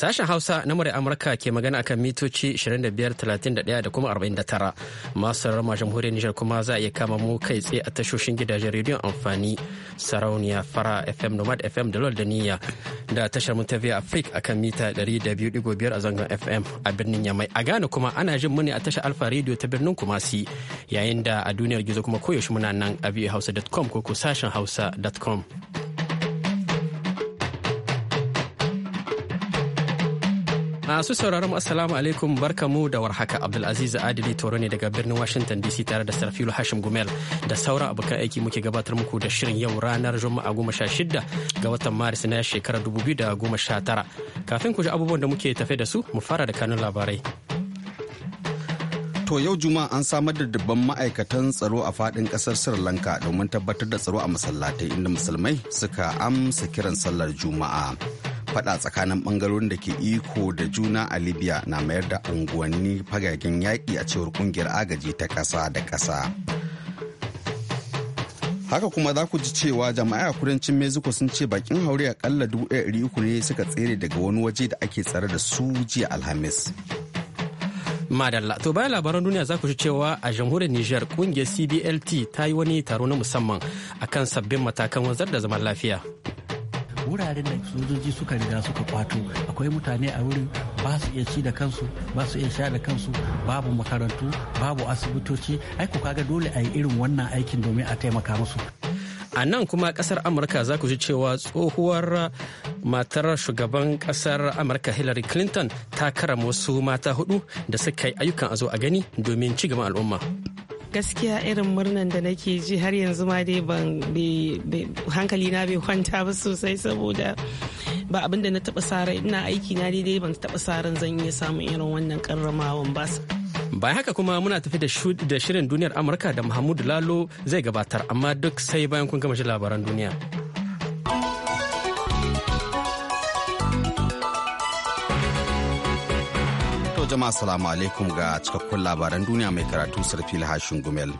Sashen Hausa na Murai Amurka ke magana akan mitoci 2531 da kuma 49. Masu rama jamhuriyar Nijar kuma za a iya kama mu kai tsaye a tashoshin gidajen rediyon amfani sarauniya fara FM Nomad FM da Lord Daniya Niyya da tashar mu ta Via Africa akan mita 200.5 a zangon FM a birnin Yamai. A Ghana kuma ana jin mu ne a tashar Alfa Radio ta birnin Kumasi yayin da a duniyar gizo kuma koyaushe muna nan a hausa.com ko ko sashen hausa.com. Masu sauraron assalamu alaikum barkamu da warhaka Abdulaziz Adili Toro ne daga birnin Washington DC tare da Sarfilu Hashim Gumel da saura abokan aiki muke gabatar muku da shirin yau ranar Juma'a goma sha shida ga watan Maris na shekarar dubu biyu da goma sha tara. Kafin ku ji abubuwan da muke tafe da su mu fara da kanun labarai. To yau Juma'a an samar da dubban ma'aikatan tsaro a fadin kasar Sri Lanka domin tabbatar da tsaro a masallatai inda musulmai suka amsa kiran sallar Juma'a. faɗa tsakanin bangarorin da ke iko da juna a libya na mayar da unguwanni fagagen yaƙi a cewar kungiyar agaji ta ƙasa da ƙasa haka kuma za ku ji cewa jama'a a kudancin mexico sun ce bakin haure akalla uku ne suka tsere daga wani waje da ake tsare da su jiya alhamis madalla to bayan labaran duniya za ku ji cewa a jamhuriyar niger kungiyar cblt ta yi wani taro na musamman akan sabbin matakan wanzar da zaman lafiya wuraren da sojoji suka riga suka kwato akwai mutane a wurin ba su iya ci da kansu ba su iya sha da kansu babu makarantu babu asibitoci aiko kaga dole a yi irin wannan aikin domin a taimaka musu a nan kuma kasar amurka za ku ji cewa tsohuwar matar shugaban kasar amurka hillary clinton ta kara wasu mata hudu da suka yi ayyukan a zo a gani domin ci gaban al'umma gaskiya irin murnan da nake ji har yanzu ma dai ban hankali na bai kwanta ba sosai saboda ba abin na taba sara ina aiki na dai ban taba saran zan iya samun irin wannan karramawan ba bayan haka kuma muna tafi da shirin duniyar amurka da muhammadu lalo zai gabatar amma duk sai bayan kun gama shi labaran duniya. jama'a salamu alaikum ga cikakkun labaran duniya mai karatu sarfil hashin gumel.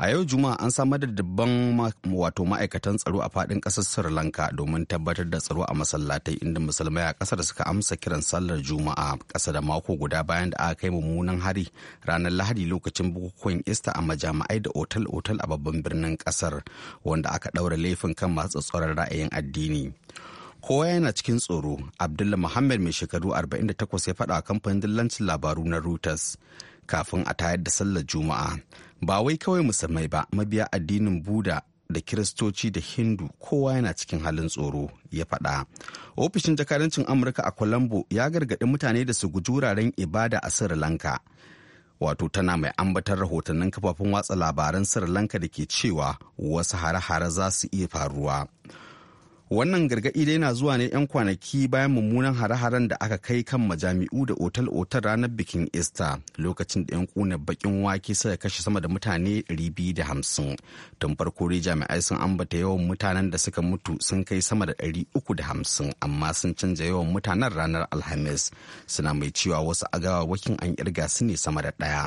A yau Juma'a an samar da dubban wato ma'aikatan tsaro a fadin kasar Sri Lanka domin tabbatar da tsaro a masallatai inda musulmai a kasar suka amsa kiran sallar Juma'a kasa da mako guda bayan da aka kai mummunan hari ranar Lahadi lokacin bukukuwan Ista a majami'ai da otal-otal a babban birnin kasar wanda aka daura laifin kan masu tsoron ra'ayin addini. kowa yana cikin tsoro abdullah muhammad mai shekaru 48 ya faɗa kamfanin dillancin labaru na reuters kafin a tayar da sallar juma'a ba wai kawai musulmai ba mabiya addinin buda da kiristoci da hindu kowa yana cikin halin tsoro ya faɗa ofishin jakadancin amurka a colombo ya gargaɗi mutane da su guji wuraren ibada a sri lanka wato tana mai ambatar rahotannin kafafen watsa labaran sri lanka da ke cewa wasu hare-hare za su iya faruwa wannan gargaɗi dai na zuwa ne 'yan kwanaki bayan mummunan hare-haren da aka kai kan majami'u da otal-otal ranar bikin easter lokacin da 'yan kuna bakin wake suka kashe sama da mutane 250 tun farko dai jami'ai sun ambata yawan mutanen da suka mutu sun kai sama da 350 amma sun canza yawan mutanen ranar alhamis suna mai cewa wasu agawawakin an kirga su ne sama da ɗaya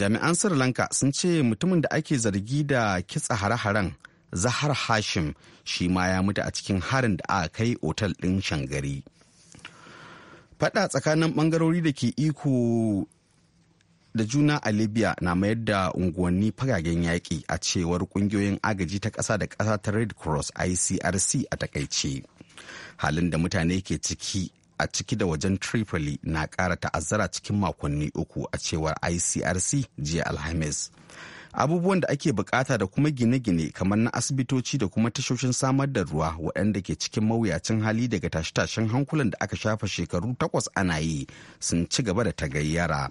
jami'an sri lanka sun ce mutumin da ake zargi da kitsa hare-haren zahar hashim shi ma ya mutu a cikin harin da aka kai otal ɗin shangari fada tsakanin bangarori da ke iko da juna a libya na mayar da unguwanni fagagen yaƙi a cewar ƙungiyoyin agaji ta ƙasa da ƙasa ta red cross icrc a takaice halin da mutane ke ciki a ciki da wajen tripoli na ƙara ta'azzara cikin makonni uku a cewar icrc jiya alhamis abubuwan da ake bukata da kuma gine-gine kamar na asibitoci da kuma tashoshin samar da ruwa waɗanda ke cikin mawuyacin hali daga tashe-tashen hankulan da aka shafa shekaru takwas ana yi sun ci gaba da tagayyara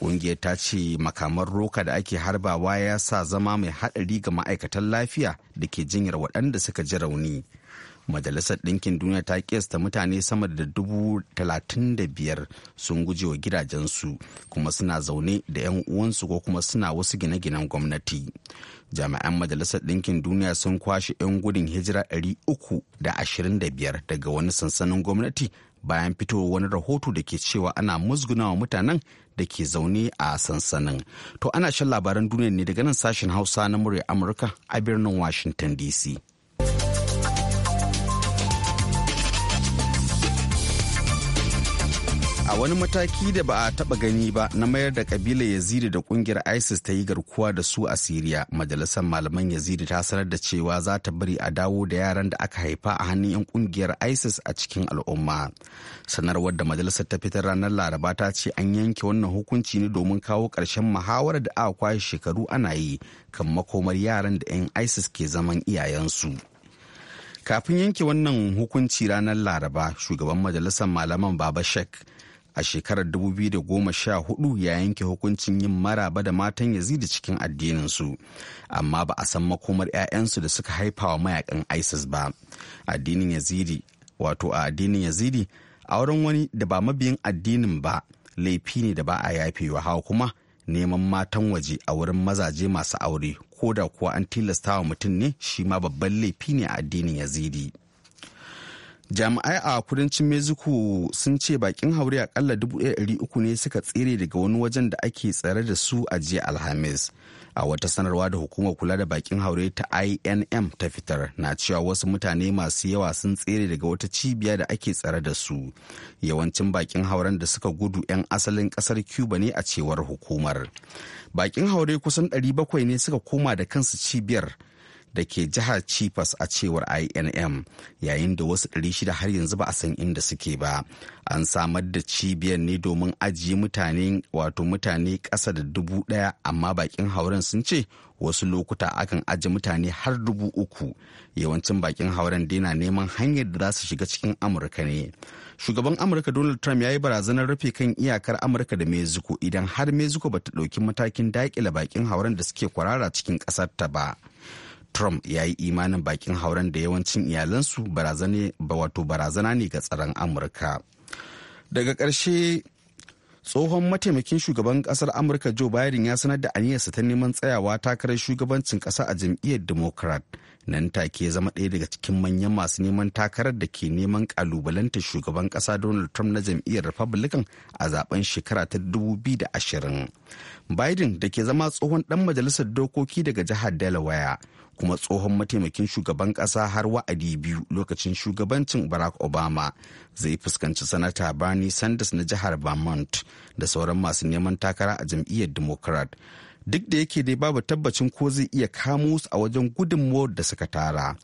ƙungiyar ta ce makaman roka da ake harbawa ya sa zama mai haɗari ga ma'aikatan lafiya da ke jinyar waɗanda suka ji rauni. majalisar ɗinkin duniya ta kiyasta mutane sama da dubu talatin da biyar sun guje wa gidajensu kuma suna zaune da 'yan uwansu ko kuma suna wasu gine-ginen gwamnati jami'an majalisar ɗinkin duniya sun kwashe 'yan gudun hijira ɗari uku da 325 daga wani sansanin gwamnati bayan fitowa wani rahoto da ke cewa ana wa mutanen da ke zaune a sansanin to ana shan labaran duniya ne daga nan sashen hausa na murya amurka a birnin washington dc a wani mataki da ba a taba gani ba na mayar da kabilar yazidi da kungiyar isis ta yi garkuwa da su a siriya majalisar malaman yazidi ta sanar da cewa za ta bari a dawo da yaran da aka haifa a hannun 'yan kungiyar isis a cikin al'umma sanarwar da majalisar ta fitar ranar laraba ta ce an yanke wannan hukunci ne domin kawo ƙarshen muhawarar da aka kwashe shekaru ana yi kan makomar yaran da 'yan isis ke zaman iyayensu. kafin yanke wannan hukunci ranar laraba shugaban majalisar malaman baba shek a shekarar 2014 ya yanke hukuncin yin maraba da matan yazidi cikin addininsu amma ba a san makomar 'ya'yansu da suka haifa wa mayakan isis ba addinin yazidi wato a addinin yazidi a wurin wani da ba mabiyin addinin ba laifi ne da ba a yafe wa hawa kuma neman matan waje a wurin mazaje masu aure ko da kuwa an tilasta wa mutum ne shi ma babban laifi ne a addinin yazidi jami'ai a kudancin mexico sun ce bakin haure akalla 300 ne suka tsere daga wani wajen da ake tsare da su a jiya alhamis a wata sanarwa da hukumar kula da bakin haure ta inm ta fitar na cewa wasu mutane masu yawa sun tsere daga wata cibiya da ake tsare da su yawancin bakin hauren da suka gudu 'yan asalin kasar cuba ne a cewar hukumar bakin haure kusan 700 ne suka koma da kansu cibiyar da ke jihar Chipas a cewar INM yayin da wasu 600 har yanzu ba a san inda suke ba. An samar da cibiyar ne domin ajiye mutane wato mutane ƙasa da dubu ɗaya amma bakin hauren sun ce wasu lokuta akan aji mutane har dubu uku yawancin bakin hauren dina neman hanyar da za su shiga cikin amurka ne shugaban amurka donald trump ya yi barazanar rufe kan iyakar amurka da mexico idan har mexico ba ta ɗauki matakin daƙile bakin hauren da suke kwarara cikin ƙasar ta ba Trump ya yi imanin bakin hauren da yawancin iyalansu wato barazana ne ga tsaron Amurka. Daga ƙarshe tsohon mataimakin shugaban ƙasar Amurka Joe Biden ya sanar da aniyarsa ta neman tsayawa takarar shugabancin ƙasa a jam'iyyar Democrat. Nan take zama ɗaya daga cikin manyan masu neman takarar da ke neman ƙalubalanta shugaban ƙasa Donald Trump na jam'iyyar Republican a zaben shekara ta 2020. Biden da ke zama tsohon ɗan majalisar dokoki daga jihar Delaware kuma tsohon mataimakin shugaban ƙasa har wa'adi biyu lokacin shugabancin barack obama zai fuskanci sanata bernie sanders na jihar vermont da sauran masu neman takara a jam'iyyar democrat duk da yake dai babu tabbacin ko zai iya kamo su a wajen gudunmuwar da suka tara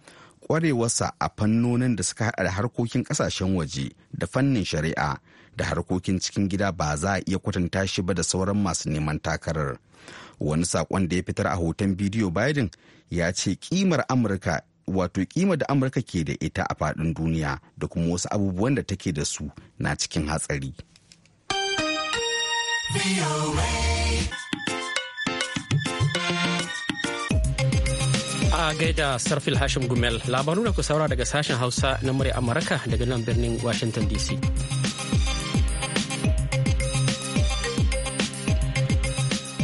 kwarewarsa a fannonin da suka haɗa da harkokin ƙasashen waje da fannin shari'a da harkokin cikin gida ba za a iya kwatanta shi ba da sauran masu neman takarar wani saƙon da ya fitar a hoton bidiyo biden ya ce kimar amurka wato kima da amurka ke da ita a faɗin duniya da kuma wasu abubuwan da take da su na cikin hatsari a gaida sarfil hashim gumel labaru da ku saura daga sashen hausa na murya amurka daga nan birnin washington dc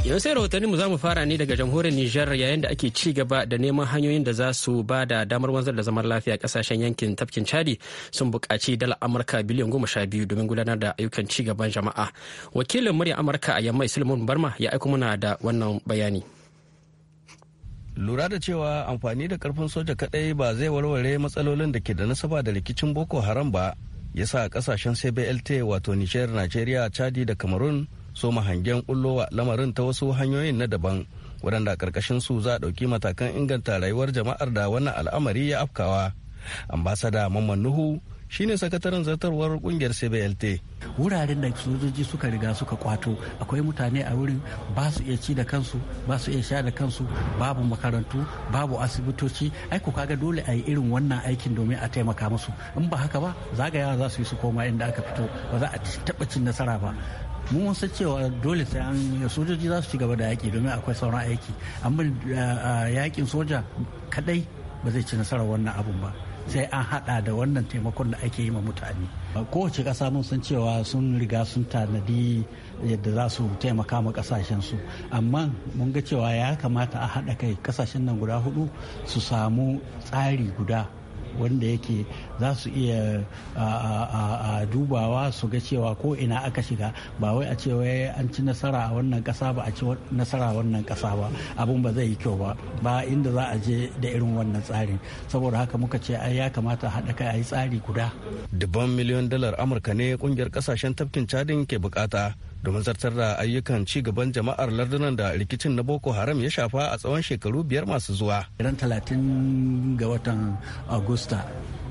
Yau sai rahotanninmu za mu fara ne daga jamhuriyar Nijar yayin da ake ci gaba da neman hanyoyin da za su ba da damar wanzar da zaman lafiya kasashen yankin tafkin Chadi sun buƙaci dala Amurka biliyan goma sha biyu domin gudanar da ayyukan ci gaban jama'a. Wakilin murya Amurka a yammai Sulaiman Barma ya aiko muna da wannan bayani. Lura da cewa amfani da karfin soja kadai ba zai warware matsalolin da ke da nasaba da rikicin Boko Haram ba, yasa kasashen CBLT wato Nijar, Najeriya, Chadi da Cameroon soma hangen bullowa lamarin ta wasu hanyoyin na daban waɗanda karkashin su za a ɗauki matakan inganta rayuwar jama'ar da wannan al'amari ya afkawa ambasada mamman nuhu shine sakataren zartarwar kungiyar cblt wuraren da sojoji suka riga suka kwato akwai mutane a wurin ba su iya ci da kansu ba su iya sha da kansu babu makarantu babu asibitoci aiko kaga dole a yi irin wannan aikin domin a taimaka musu in ba haka ba zagayawa za su yi su koma inda aka fito ba za a taba cin nasara ba mu mun san cewa dole sai an sojoji za su ci gaba da yaƙi domin akwai sauran aiki amma yaƙin soja kadai ba zai ci nasarar wannan abun ba sai an hada da wannan taimakon da ake yi ma mutane kowace ƙasa mun san cewa sun riga sun tanadi yadda za su taimaka ma su amma mun ga cewa ya kamata a haɗa kai ƙasashen nan guda hudu su samu tsari guda wanda yake za su iya a dubawa su ga cewa ko ina aka shiga ba wai a cewa an ci nasara a wannan kasa ba a ci nasara a wannan kasa ba abun ba zai yi kyau ba ba inda za a je da irin wannan tsarin saboda haka muka ce ai ya kamata haɗa kai a yi tsari guda dubban miliyon dalar amurka ne kungiyar kasashen tafkin cadin ke bukata domin zartar da ayyukan ci gaban jama'ar lardunan da rikicin na boko haram ya shafa a tsawon shekaru biyar masu zuwa ran talatin ga watan agusta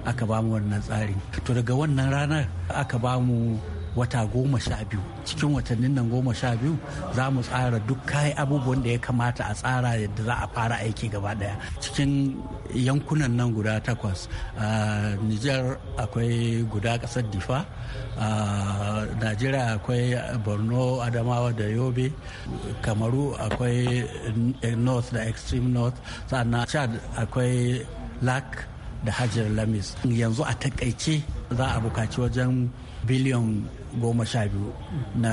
aka bamu wannan tsari to daga wannan ranar aka bamu wata goma sha biyu cikin watannin nan goma sha biyu za mu tsara duk kayi abubuwan da ya kamata a tsara yadda za a fara aiki gaba daya cikin yankunan nan guda takwas a niger akwai guda kasar difa a najeriya akwai borno adamawa da yobe kamaru akwai north da extreme north sannan chad akwai lak da hajjar lamis yanzu a takaice za a bukaci wajen biliyan goma sha biyu na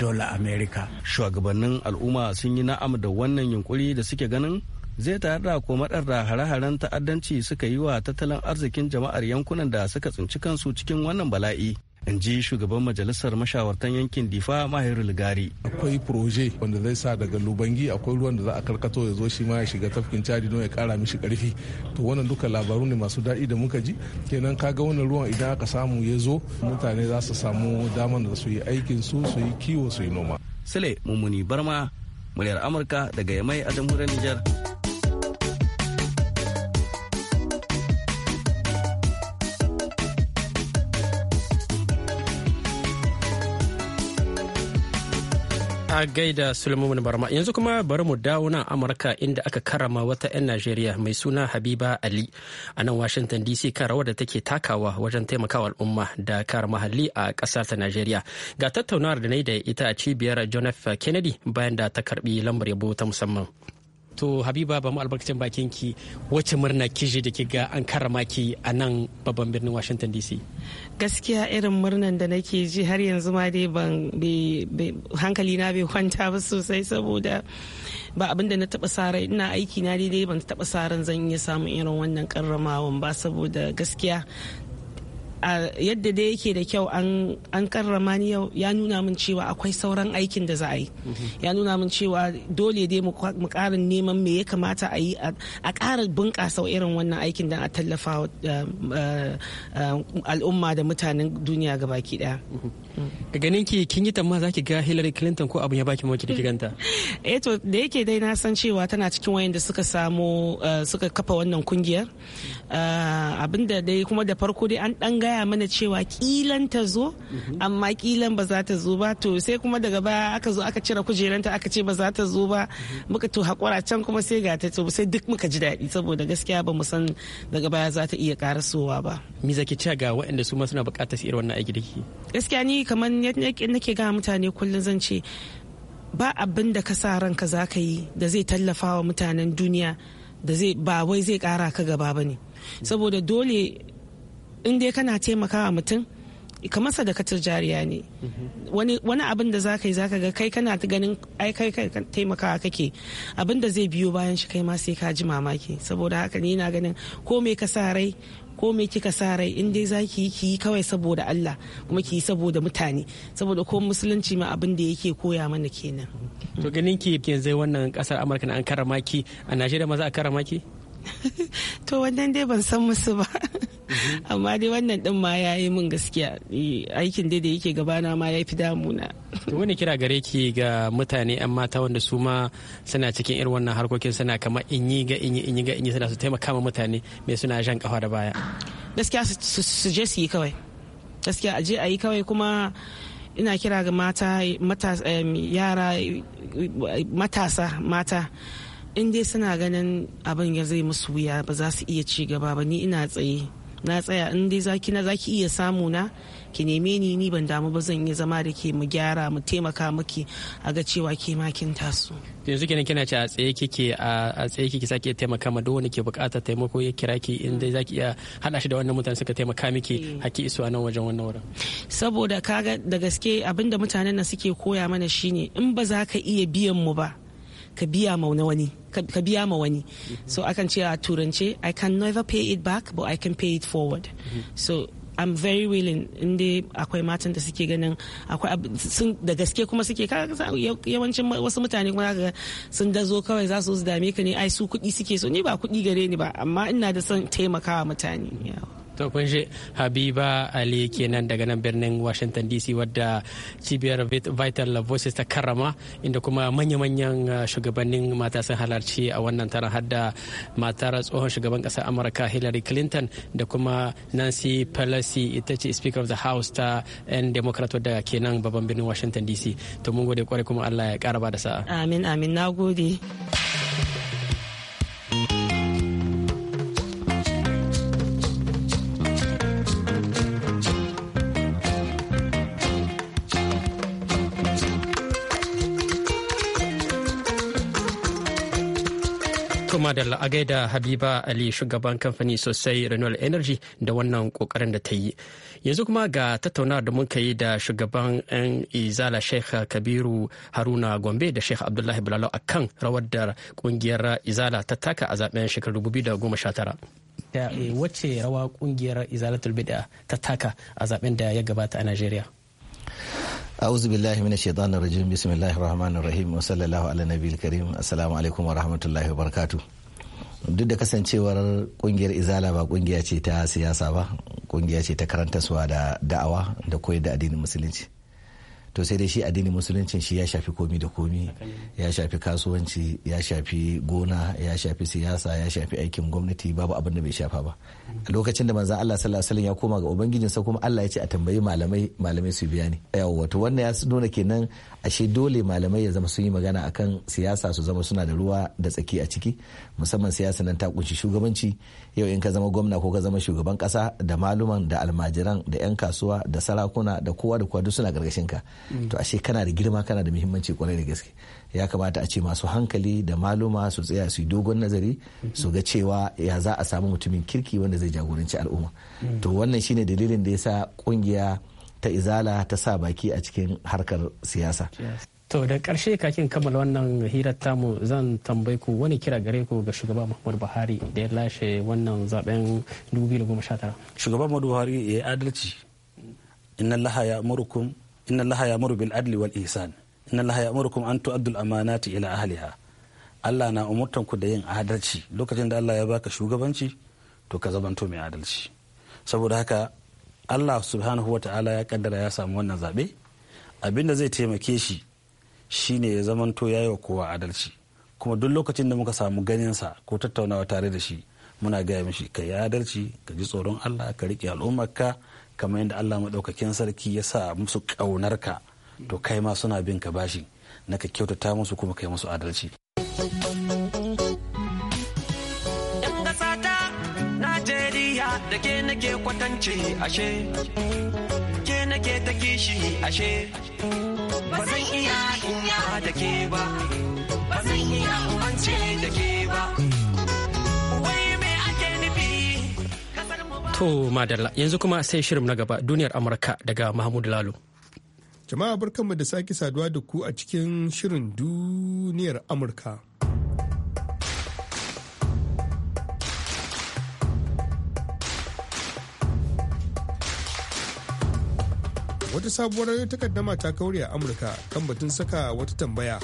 dola amerika shugabannin al'umma sun yi na'am da wannan yunkuri da suke ganin zai tare da madar da hare-haren ta'addanci suka yi wa tattalin arzikin jama'ar yankunan da suka tsinci kansu cikin wannan bala'i in ji shugaban majalisar mashawartan yankin difa mahiru ligari akwai proje wanda zai sa daga lubangi akwai ruwan da za a karkato ya zo shi ma ya shiga tafkin cadi don ya kara mishi karfi to wannan duka labaru ne masu daɗi da muka ji kenan kaga wannan ruwan idan aka samu ya zo mutane za su samu dama da su yi aikin su su yi kiwo su yi noma sule mummuni barma muryar amurka daga yamai a jamhuriyar nijar. gaida Sulaiman Barma. Yanzu kuma bari mu dawo nan Amurka inda aka karama wata 'yan Najeriya mai suna Habiba Ali a nan washinton DC kan rawar da take takawa wajen taimakawa al'umma da kare mahalli a ƙasar ta Najeriya. Ga tattaunawar da na yi da ita a cibiyar John F. Kennedy bayan da ta karbi lambar yabo ta musamman. to habiba ba mu albarkacin bakin ki wacce murna kije da ki ga an karama ki a nan babban birnin washinton dc gaskiya irin murnan da nake ji har yanzu ma dai ban hankali na bai kwanta ba sosai saboda ba abin da na taba sara ina aiki na daidai ban taba saran zan iya samun irin wannan karramawan ba saboda gaskiya yadda dai yake da kyau an karrama ni yau ya nuna min cewa akwai sauran aikin da za a yi ya nuna min cewa dole dai mu karin neman me ya kamata a yi a ƙara bunƙasa irin wannan aikin don a tallafa eh, eh, eh, al'umma da mutanen duniya ga baki daya ga ganin ki kin yi tamma zaki ga Hillary Clinton ko abin ya baki mawaki da giganta eh to da yake dai na san cewa tana cikin wayanda suka samo suka kafa wannan kungiyar abinda dai kuma da farko dai an dan gaya mana cewa kilan ta zo amma kilan ba za ta zo ba to sai kuma daga baya aka zo aka cire kujeranta aka ce ba za ta zo ba muka to hakura can kuma sai ga ta to sai duk muka ji daɗi saboda gaskiya ba mu san daga baya za ta iya karasowa ba me zaki ce ga waɗanda su ma suna buƙatar su irin wannan aiki dake gaskiya ni kamar nake ga mutane kullum zan ce ba abin da ka sa ranka za ka yi da zai tallafa wa mutanen duniya da zai ba wai zai kara ka gaba ba ne saboda dole in dai kana taimakawa mutum kamar sadakatar jariya ne wani abin da za ka yi za ka ga kai kana ganin ai kai taimakawa kake abin da zai biyo bayan shi kai ma sai ka ji mamaki saboda haka ne na ganin ko me ka sa rai ko me kika sa rai in dai zaki yi ki yi kawai saboda Allah kuma ki yi saboda mutane saboda ko musulunci ma abin da yake koya mana kenan to ganin ki yanzu wannan kasar Amurka na an karama ki a Najeriya ma za a karama ki to wannan dai ban san musu ba mhm. amma dai wannan din ma ya yi min gaskiya eh, aikin dai da yake gabana ma ya fi damuna to wani kira gare ki ga mutane yan mata wanda su ma suna cikin irin wannan harkokin suna kama inyi ga inyi inyi ga inyi suna su taimaka ma mutane mai suna jan kafa da baya gaskiya su je su yi kawai gaskiya aje a yi kawai kuma ina kira ga mata matasa mata in dai suna ganin abin ya zai musu wuya ba za su iya ci gaba ba ni ina tsaye na tsaya in dai zaki na zaki iya samu na ki neme ni ni ban damu ba zan iya zama da ke mu gyara mu taimaka miki a ga cewa ke ma kin taso yanzu kenan kina ce a tsaye kike a tsaye kike sake taimaka ma duk wani ke bukata taimako ya kira ki in dai zaki iya hada shi da wannan mutane suka taimaka miki eh. haki isuwa nan wajen wannan wurin saboda kaga da gaske abinda mutanen na suke koya mana shine in ba za ka iya biyan mu ba ka biya ma wani ka biya ma wani so akan ce a turance i can never pay it back but i can pay it forward so I'm very willing in dai akwai matan da suke ganin akwai sun da gaske kuma suke yawancin wasu mutane kuma ga sun da zo kawai za su dame ka ne ai su kuɗi suke so ni ba kuɗi gare ni ba amma ina da son taimakawa mutane yeah. To kun shi Habiba Ali kenan daga nan birnin Washington DC wadda cibiyar Vital Voices ta karrama inda kuma manya-manyan uh, shugabannin mata sun halarci a wannan taron hadda matar tsohon shugaban ƙasar Amurka Hillary Clinton da kuma Nancy Pelosi ita ce Speaker of the House ta 'yan Democrat wadda kenan babban birnin Washington DC. To mun gode kwarai kuma Allah ya ƙara ba da sa'a. Amin amin na gode. da a da habiba ali shugaban kamfani sosai renewal energy da wannan kokarin da ta yi yanzu kuma ga tattaunawar da muka yi da shugaban yan izala sheikh kabiru haruna gombe da sheikh abdullahi bulalo a kan rawar da kungiyar izala ta taka a zaben shekarar 2019 da eh, wacce rawa kungiyar izalatul bid'a eh, ta taka a zaben da ya gabata a najeriya A'udhu billahi minash shaitanir rajim bismillahir rahmanir rahim wa sallallahu ala nabiyil karim assalamu alaikum wa rahmatullahi wa barakatuh duk da kasancewar kungiyar izala ba kungiya ce ta siyasa ba kungiya ce ta karantarsuwa da da'awa da koyar da addinin musulunci to sai dai shi addinin musulunci shi ya shafi komi da komi ya shafi kasuwanci ya shafi gona ya shafi siyasa ya shafi aikin gwamnati babu abin da bai shafa ba lokacin da manzan Allah sallallahu alaihi ya koma ga ubangijinsa kuma Allah ya ce a tambayi malamai malamai su biya ne yawa wato wannan ya nuna kenan ashe dole malamai ya zama sun yi magana akan siyasa su zama suna da ruwa da tsaki a ciki musamman siyasa nan ta kunshi shugabanci yau in ka zama gwamna ko ka zama shugaban kasa da maluman da almajiran da yan kasuwa da sarakuna da kowa da kowa duk suna gargashin ka mm. to ashe kana da girma kana da muhimmanci kwarai da gaske ya kamata a ce masu hankali da maluma su tsaya su yi dogon nazari mm-hmm. su ga cewa ya za a samu mutumin kirki wanda zai jagoranci al'umma mm. to wannan shine dalilin da yasa kungiya ta izala ta sa baki a cikin harkar siyasa to da karshe kakin kammala wannan hirar tamu zan tambayi ku wani kira gare ku ga shugaba muhammadu buhari da ya lashe wannan zaben 2019 shugaba muhammadu buhari ya yi adalci inna Allah ya murkum, inna Allah ya bil adli wal ihsan inna Allah ya murkum an tu'addu al amanati ila ahliha Allah na umurtan ku da yin adalci lokacin da Allah ya baka shugabanci to ka zamanto mai adalci saboda haka allah subhanahu wa ta'ala ya kaddara ya samu wannan zaɓe da zai taimake shi shine ya zamanto ya yi wa kowa adalci kuma duk lokacin da muka samu ganin sa ko tattaunawa tare da shi muna gaya mishi ka yi adalci ka ji tsoron allah ka riƙe al'ummarka kamar yadda allah maɗaukakin sarki ya sa musu ka to kai ma suna bin ka bashi na ka kyautata musu kuma kai musu adalci. da ke nake kwatance ashe ke nake ta kishi ashe ba zan iya inya da ke ba ba zan iya umance da ke ba wai me ake nufi to madalla yanzu kuma sai shirin na gaba duniyar amurka daga mahmud lalo jama'a barkanmu da sake saduwa da ku a cikin shirin duniyar amurka wata sabuwar takaddama ta kauri a amurka kan batun saka wata tambaya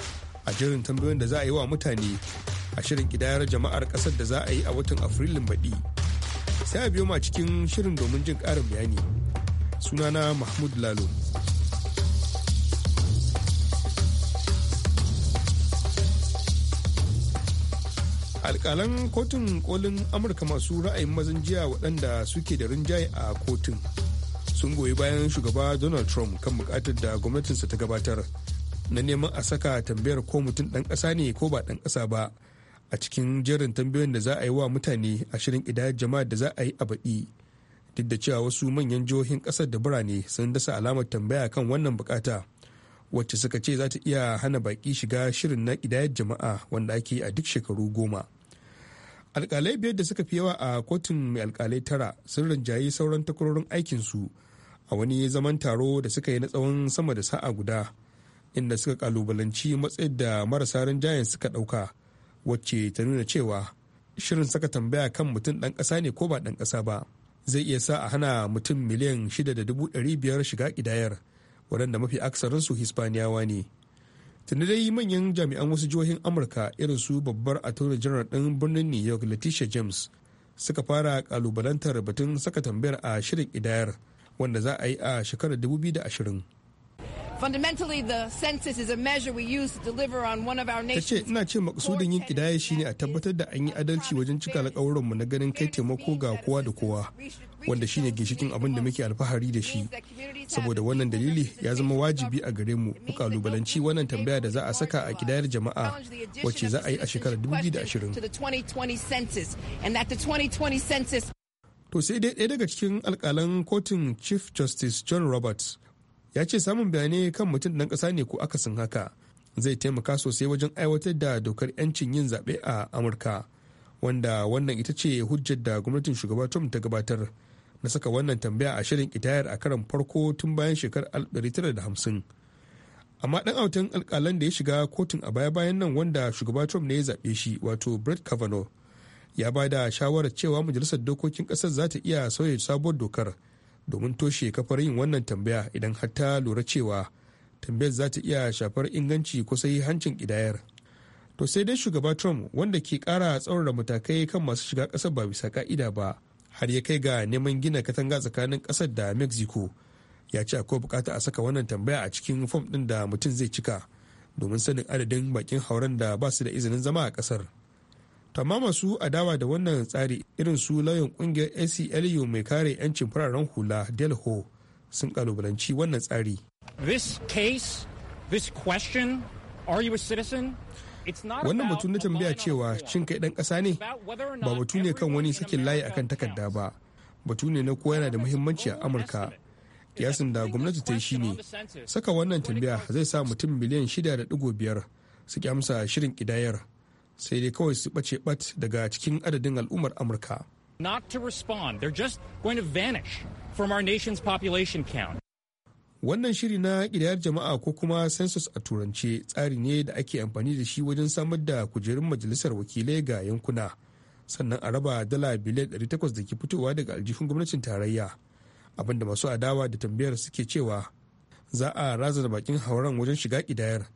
a jirin tambayoyin da za a yi wa mutane a shirin kidayar jama'ar kasar da za a yi a watan afrilun baɗi sai a biyo ma cikin shirin domin jin ƙarin bayani sunana mahmud lalo Alƙalan kotun kolin amurka masu ra'ayin mazan jiya waɗanda suke da rinjaye a kotun sun goyi bayan shugaba donald trump kan bukatar da gwamnatinsa ta gabatar na neman a saka tambayar ko mutum ɗan ƙasa ne ko ba ɗan ƙasa ba a cikin jerin tambayoyin da za a yi wa mutane a shirin idayar jama'a da za a yi a baɗi duk da cewa wasu manyan jihohin ƙasar da birane sun dasa alamar tambaya kan wannan bukata wacce suka ce za ta iya hana baƙi shiga shirin na idayar jama'a wanda ake a duk shekaru goma alkalai biyar da suka fi yawa a kotun mai alkalai tara sun rinjayi sauran takwarorin aikinsu su a wani zaman taro da suka yi na tsawon sama da sa'a guda inda suka kalubalanci matsayin da marasa rinjayen suka ɗauka wacce ta nuna cewa shirin saka tambaya kan mutum dan kasa ne ko ba dan kasa ba zai iya sa a hana mutum miliyan biyar shiga kidayar waɗanda mafi aksarinsu hispaniyawa ne tunda dai manyan jami'an wasu jihohin amurka irin su babbar attorney general ɗin birnin new york letitia james suka fara kalubalantar batun saka tambayar a shirin kidayar. wanda za a yi a shekarar 2020 Fundamentally, the census is a measure we use deliver on one of our ina ce maksudin yin kidaya ne a tabbatar da an yi adalci wajen cika mu na ganin kai taimako ga kowa da kowa wanda shine ginshikin abin da muke alfahari da shi. Saboda wannan dalili ya zama wajibi a gare mu mu kalubalanci wannan tambaya da za a saka a kidayar jama'a wacce za a yi a shekarar 2020. to sai dai ɗaya daga cikin alkalan kotun chief justice john roberts ya ce samun bayanai kan mutum ɗan ƙasa ne ko akasin haka zai taimaka sosai wajen aiwatar da dokar 'yancin yin zaɓe a amurka wanda wannan ita ce hujjar da gwamnatin shugaba trump ta gabatar na saka wannan tambaya a shirin kitayar a karan farko tun bayan shekarar 1950 amma dan autan alkalan da ya shiga kotun a baya-bayan nan wanda shugaba trump ne ya zaɓe shi wato brett kavanaugh ya ba da shawarar cewa majalisar dokokin ƙasar za ta iya sauya sabuwar dokar domin toshe kafar yin wannan tambaya idan har ta lura cewa tambayar za ta iya shafar inganci ko hancin kidayar to sai dai shugaba trump wanda ke ƙara tsaurara matakai kan masu shiga ƙasar ba bisa ka'ida ba har ya kai ga neman gina katanga tsakanin ƙasar da mexico ya ce akwai bukata a saka wannan tambaya a cikin fom ɗin da mutum zai cika domin sanin adadin bakin hauren da ba su da izinin zama a ƙasar amma masu adawa da wannan tsari irin su lauyan kungiyar aclu mai kare 'yancin fararen hula delho sun kalubalanci wannan tsari this case this question are you wannan batu na tambaya cewa cin kai dan kasa ne ba batu ne kan wani sakin layi akan takarda ba batu ne na kowa yana da muhimmanci a amurka kiyasin da gwamnati ta yi shine saka wannan tambaya zai sa mutum miliyan 6.5 su amsa shirin kidayar sai dai kawai su ɓace ɓat daga cikin adadin al'ummar amurka not to respond they're just going to vanish from our nation's population count wannan shiri na ƙidayar jama'a ko kuma census a turance tsari ne da ake amfani da shi wajen samar da kujerun majalisar wakilai ga yankuna sannan a raba dala biliyan takwas da ke fitowa daga aljihun gwamnatin tarayya abinda masu adawa da tambayar suke cewa za a razana bakin hauran wajen shiga kidayar.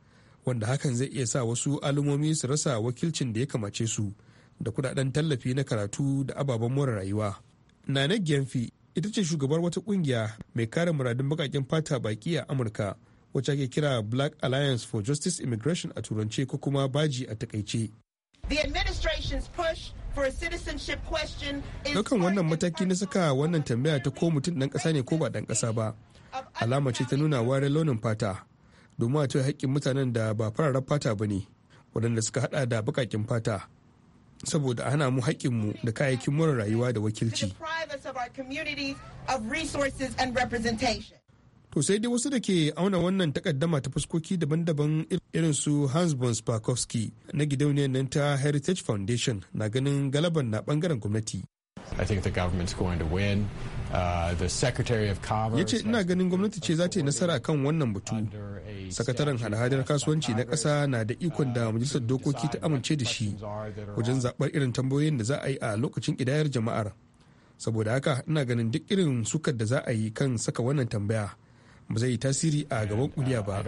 wanda hakan zai iya sa wasu alumomi su rasa wakilcin da ya kamace su da kudaden tallafi na karatu da ababen more rayuwa nana Gyanfi ita ce shugabar wata kungiya mai kare muradin bakakin fata baki a amurka wacce ake kira black alliance for justice immigration a turance ko kuma baji a takaice daukan wannan mataki na saka wannan tambaya ta ko mutum ɗan ƙasa ne ko ba ɗan ƙasa ba. Alama ce ta nuna ware launin fata domin a cire haƙƙin mutanen da ba fararen fata ba ne waɗanda suka haɗa da baƙaƙen fata saboda hana mu haƙƙinmu da kayayyakin mura rayuwa da wakilci. To sai dai wasu da ke auna wannan takaddama ta fuskoki daban-daban irin su Hans von Sparkowski na gidauniyar nan ta Heritage Foundation na ganin galaban na bangaren gwamnati. I think the government's going to win. Uh, the ya ce ina ganin gwamnati ce za ta yi nasara kan wannan batu sakataren hada-hadar kasuwanci na ƙasa na da ikon da uh, majalisar dokoki ta amince da shi wajen zaɓar irin tambayoyin da za a yi a lokacin ƙidayar jama'ar saboda haka ina ganin duk irin sukar da za a yi kan saka wannan tambaya ba zai yi tasiri a gaban kuliya uh, ba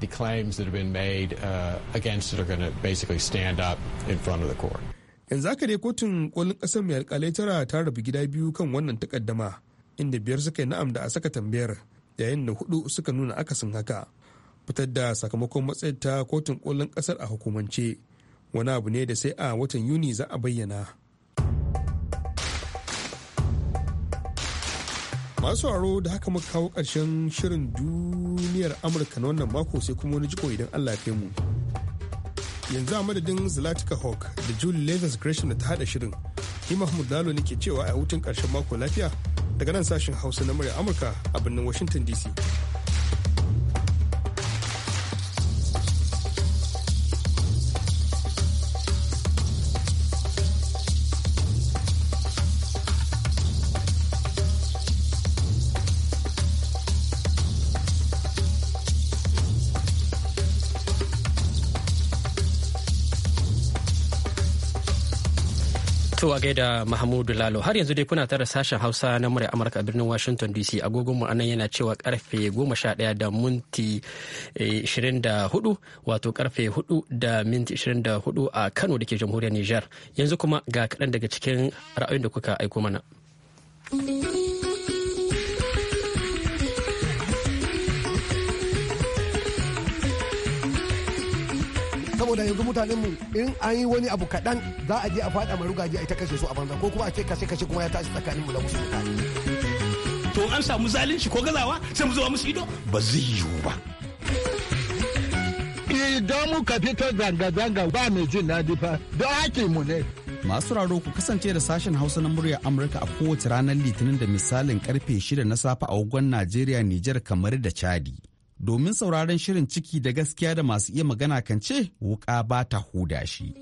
the claims that have been made uh, against it are going to basically stand up in front of the court. yanzu haka dai kotun kolin kasar mai alkalai tara ta rabu gida biyu kan wannan takaddama inda biyar suka yi na'am da a saka tambayar yayin da hudu suka nuna akasin haka fitar da sakamakon matsayin ta kotun kolin kasar a hukumance wani abu ne da sai a watan yuni za a bayyana masu aro da haka muka kawo ƙarshen shirin duniyar amurka na wannan mako sai kuma wani jiko idan allah ya kai mu yanzu a madadin zlatika hawk da julie levis gresham da ta hada shirin ni mahmud lalo ne ke cewa a hutun karshen mako lafiya daga nan sashen hausa na murya amurka a birnin washington dc To a gaida Mahmudu Lalo har yanzu dai kuna tara sashen Hausa na murya Amurka a birnin Washington DC agogonmu nan yana cewa karfe 11 da minti 24 eh, wato karfe 4 da minti 24 a Kano da ke jamhuriyar Nijar yanzu kuma ga kaɗan daga cikin ra'ayin da kuka aiko mana. saboda yanzu mutanen mu in an yi wani abu kaɗan za a je a faɗa wa a ita kashe su a banza ko kuma a ce kashe kashe kuma ya tashi tsakanin mu da musu mutane. to an samu zalunci ko gazawa sai mu zo musu ido ba zai yiwu ba. idan muka fito zanga-zanga ba mai jin daɗi fa don haƙƙi mu ne. Masu raro ku kasance da sashen Hausa na muryar Amurka a kowace ranar Litinin da misalin karfe 6 na safe a wagon Najeriya, Nijar, kamar da Chadi. domin sauraron shirin ciki da gaskiya da masu iya magana kan ce wuka ba ta huda shi.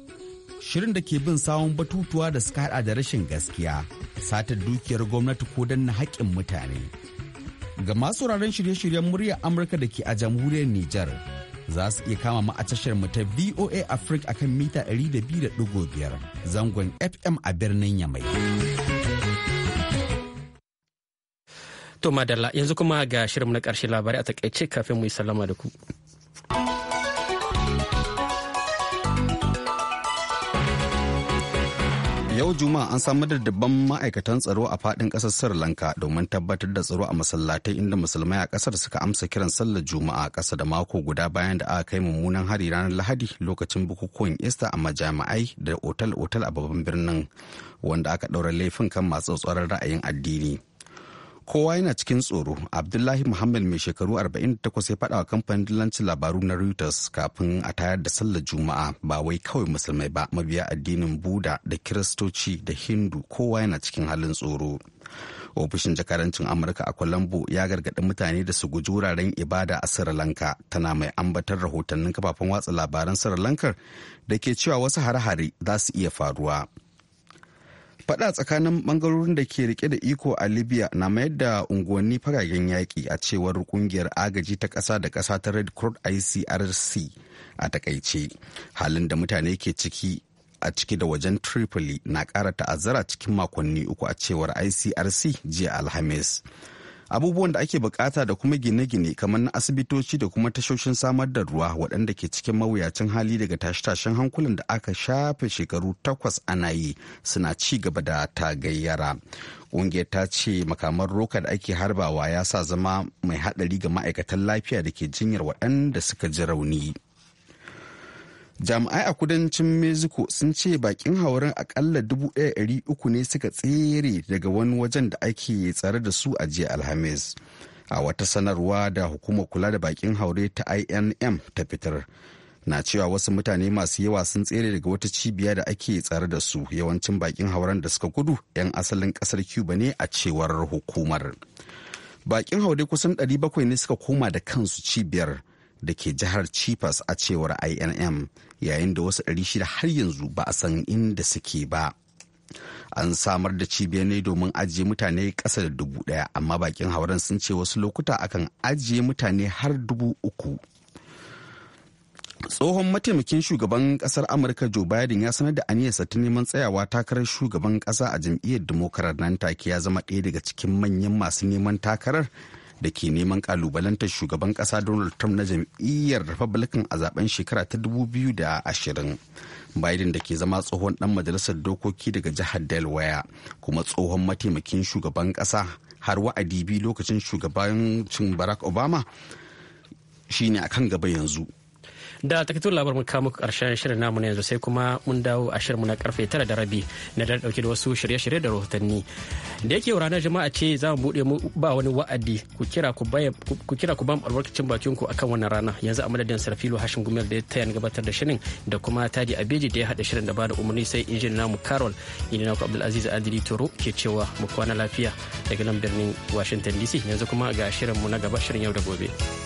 Shirin da ke bin sawun batutuwa da suka hada da rashin gaskiya, satar dukiyar gwamnati ko danna haƙƙin mutane. Ga masu sauraron shirye-shiryen muryar Amurka da ke a jamhuriyar Nijar, za su iya kama mu a tashar mu ta VOA Africa akan mita 200.5 zangon FM a birnin Yamai. To madalla yanzu kuma ga shirin na ƙarshe labarai a takaice kafin mu yi sallama da ku. Yau Juma'a an samar da dubban ma'aikatan tsaro a faɗin ƙasar Sri Lanka domin tabbatar da tsaro a masallatai inda musulmai a ƙasar suka amsa kiran sallar Juma'a ƙasa da mako guda bayan da aka kai mummunan hari ranar Lahadi lokacin bukukuwan Easter a majami'ai da otal-otal a babban birnin wanda aka ɗaura laifin kan masu tsoron ra'ayin addini. kowa yana cikin tsoro abdullahi muhammad mai shekaru 48 ya faɗa wa kamfanin dillancin labaru na reuters kafin a tayar da sallar juma'a ba wai kawai musulmai ba mabiya addinin buda da kiristoci da hindu kowa yana cikin halin tsoro ofishin jakarancin amurka a colombo ya gargaɗi mutane da su guji wuraren ibada a sri lanka tana mai ambatar rahotannin kafafen watsa labaran sri lankar da ke cewa wasu hare-hare za su iya faruwa Fada tsakanin bangarorin da ke rike da iko a Libya na mayar da unguwanni fagagen yaƙi a cewar kungiyar agaji ta ƙasa da ƙasa ta Red Cross ICRC a takaice. Halin da mutane ke ciki a ciki da wajen Tripoli na ƙara ta'azzara cikin makonni uku a cewar ICRC jiya Alhamis. abubuwan da ake bukata da kuma gine-gine kamar na asibitoci da kuma tashoshin samar da ruwa waɗanda ke cikin mawuyacin hali daga tashe-tashen hankulan da aka shafe shekaru takwas ana yi suna ci gaba da ta gayyara ƙungiyar ta ce makamar roka da ake harbawa ya sa zama mai haɗari ga ma'aikatan lafiya da ke jinyar waɗanda suka ji rauni jami'ai a kudancin mexico sun ce bakin hauren akalla uku ne suka tsere daga wani wajen da ake tsare da su a jiya alhamis a wata sanarwa da hukumar kula da bakin haure ta inm ta fitar na cewa wasu mutane masu yawa sun tsere daga wata cibiya da ake tsare da su yawancin bakin hauren da suka gudu 'yan asalin kasar cuba ne a cewar hukumar bakin haure kusan 700 ne suka koma da kansu cibiyar da ke jihar Chipas a cewar INM yayin da wasu 600 har yanzu ba a san inda suke ba. An samar da cibiyar ne domin ajiye mutane ƙasa da dubu ɗaya amma bakin hauren sun ce wasu lokuta akan ajiye mutane har dubu uku. Tsohon mataimakin shugaban ƙasar Amurka Joe Biden ya sanar da aniyarsa ta neman tsayawa takarar shugaban ƙasa a jam'iyyar Democrat nan take ya zama ɗaya daga cikin manyan masu neman takarar da ke neman kalubalantar shugaban kasa donald trump na jam'iyyar republican a zaben shekara ta 2020 biden da ke zama tsohon dan majalisar dokoki daga jihar delaware kuma tsohon mataimakin shugaban kasa har wa'adi biyu lokacin shugabancin barack obama shine a kan gaba yanzu da takaitun labar mun kamu karshen shirin namu ne yanzu sai kuma mun dawo a shirinmu na karfe tara da rabi na da dauke da wasu shirye-shirye da rahotanni da yake ranar jama'a ce za mu bude mu ba wani wa'adi ku kira ku ku ba mu albarkacin bakin ku akan wannan rana yanzu a madadin sarfilo hashin gumel da ya taya gabatar da shirin da kuma tadi abeji da ya hada shirin da ba da umarni sai injin namu carol ku abdul aziz adili toro ke cewa mu kwana lafiya daga nan birnin washington dc yanzu kuma ga shirinmu na gaba shirin yau da gobe.